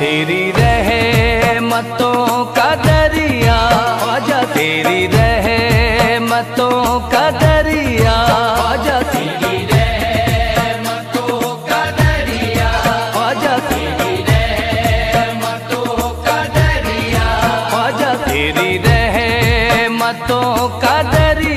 तेरी रहे मतों का दरिया आजा तेरी रहे मतों का दरिया आजा तेरी तेरी रहे मतों का दरिया